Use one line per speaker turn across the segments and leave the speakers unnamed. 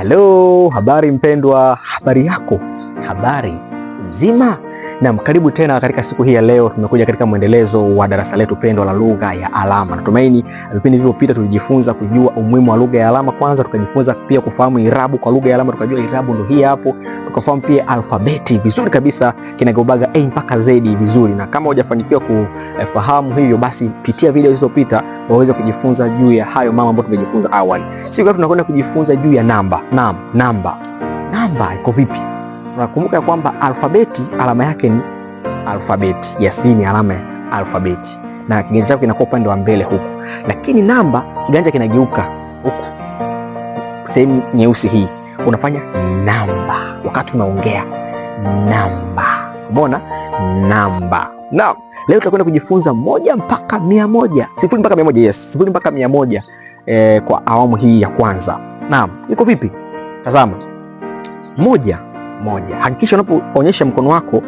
Halo, habari mpendwa, habari yako, habari mzima, na karibu tena katika siku hii ya leo. Tumekuja katika mwendelezo wa darasa letu pendwa la lugha ya alama. Natumaini vipindi vilivyopita tulijifunza kujua umuhimu wa lugha ya alama kwanza, tukajifunza pia kufahamu irabu kwa lugha ya alama, tukajua irabu ndo hii hapo, tukafahamu pia alfabeti vizuri kabisa kinagaubaga A mpaka Z vizuri, na kama hujafanikiwa kufahamu hivyo, basi pitia video zilizopita waweze kujifunza juu ya hayo mambo ambayo tumejifunza awali. Siku ya tunakwenda kujifunza juu ya namba. Naam, namba. Namba iko vipi? Tunakumbuka ya kwamba alfabeti alama yake ni alfabeti. ni alama ya alfabeti. Na kiganja chako kinakuwa upande wa mbele huku. Lakini namba kiganja kinageuka huku. Sehemu nyeusi hii. Unafanya namba wakati unaongea. Namba. Mbona? Namba na leo tutakwenda kujifunza moja mpaka mia moja sifuri mpaka mia moja yes, sifuri mpaka mia moja eh, kwa awamu hii ya kwanza. Naam, iko vipi? Tazama moja moja, hakikisha unapoonyesha mkono wako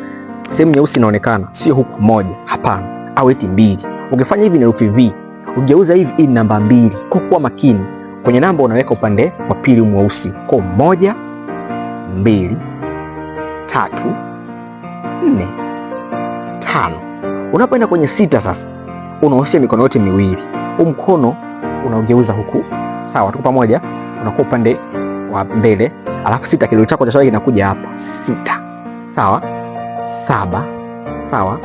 sehemu nyeusi inaonekana, sio huku moja, hapana, au eti mbili. Ukifanya hivi ni herufi V, ugeuza hivi hii namba mbili. Kwa kuwa makini kwenye namba unaweka upande wa pili mweusi, kwa moja mbili tatu nne tano. Unapoenda kwenye sita sasa unaosha mikono yote miwili, huu mkono unaugeuza huku, sawa, tuko pamoja, unakuwa upande wa mbele, alafu sita, kidole chako cha shahada kinakuja hapa sita, sawa, saba, sawa,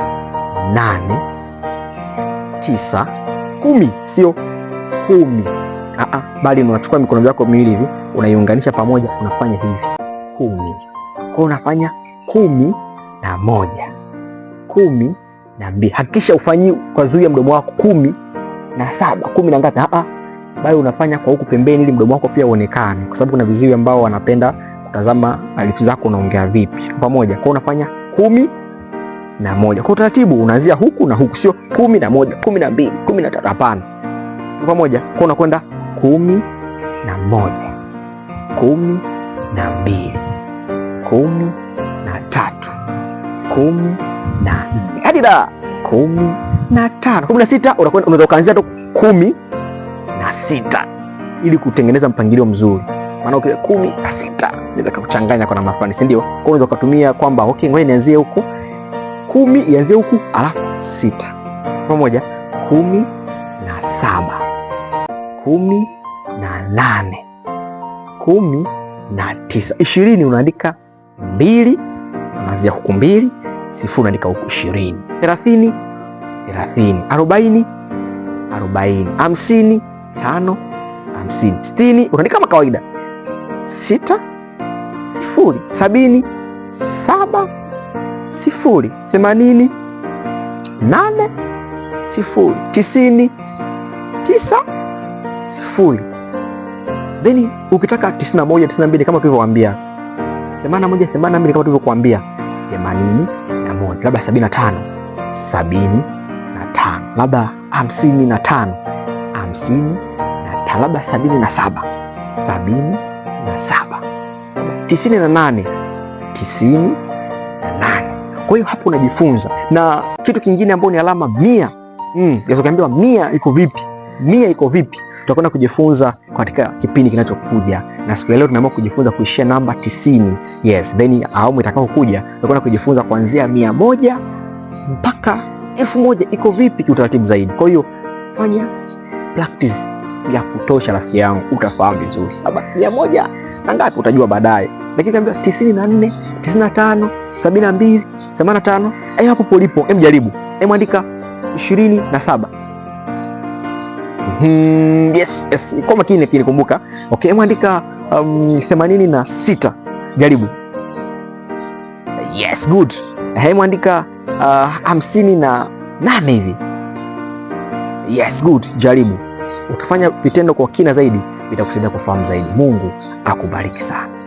nane, tisa, kumi, sio kumi, aa, bali unachukua mikono yako miwili hivi unaiunganisha pamoja, unafanya hivi kumi, kwa unafanya kumi na moja kumi na mbili. Hakikisha ufanyi kwa zuia mdomo wako kumi na saba kumi na ngapi, bali unafanya kwa huku pembeni, ili mdomo wako pia uonekane, kwa sababu kuna viziwi ambao wanapenda kutazama lips zako unaongea vipi pamoja. Kwa unafanya kumi na moja kwa utaratibu, unaanzia huku na huku, sio kumi na moja kumi na mbili kumi na tatu hapana, pamoja. Kwa unakwenda kumi na moja kumi na mbili kumi na tatu kumi na nne hadi la kumi na tano kumi na sita unaweza ukaanzia tu kumi na sita ili kutengeneza mpangilio mzuri, maana ukiwa kumi na sita naweza kuchanganya kwa namna fulani, sindio kwao unaweza ukatumia kwamba ok ngoja nianzie huku kumi ianzie huku alafu sita pamoja, kumi na saba kumi na nane kumi na tisa ishirini unaandika mbili unaanzia huku mbili sifuri andika huku ishirini, thelathini thelathini, arobaini arobaini, hamsini tano hamsini, sitini unaandika kama kawaida sita sifuri, sabini saba sifuri, themanini nane sifuri, tisini tisa sifuri, then ukitaka tisini na moja tisini na mbili kama tulivyowaambia, themanini na moja themanini na mbili kama tulivyokuambia, themanini moja, labda sabini na tano sabini na tano labda hamsini na tano hamsini na tano labda sabini na saba sabini na saba tisini na nane tisini na nane Kwa hiyo hapo unajifunza na kitu kingine ambayo ni alama mia. Mm, ukiambiwa mia iko vipi, mia iko vipi tutakwenda kujifunza katika kipindi kinachokuja, na siku ya leo tunaamua kujifunza kuishia namba tisini. Yes, then awamu itakaokuja tutakwenda kujifunza kuanzia mia moja mpaka elfu moja iko vipi kiutaratibu zaidi. Kwa hiyo fanya practice ya kutosha, rafiki yangu, utafahamu vizuri. Labda mia moja na ngapi utajua baadaye, lakini kaambia tisini na nne tisini na tano sabini na mbili themanini na tano hapo polipo, em jaribu, em andika ishirini na saba Hmm, yes, yes. Kwa makini kinikumbuka. Okay, mwandika um, themanini na sita. Jaribu. Yes, good. Hey, mwandika uh, hamsini na nane hivi. Yes, good. Jaribu. Ukifanya vitendo kwa kina zaidi vitakusaidia kufahamu zaidi. Mungu akubariki sana.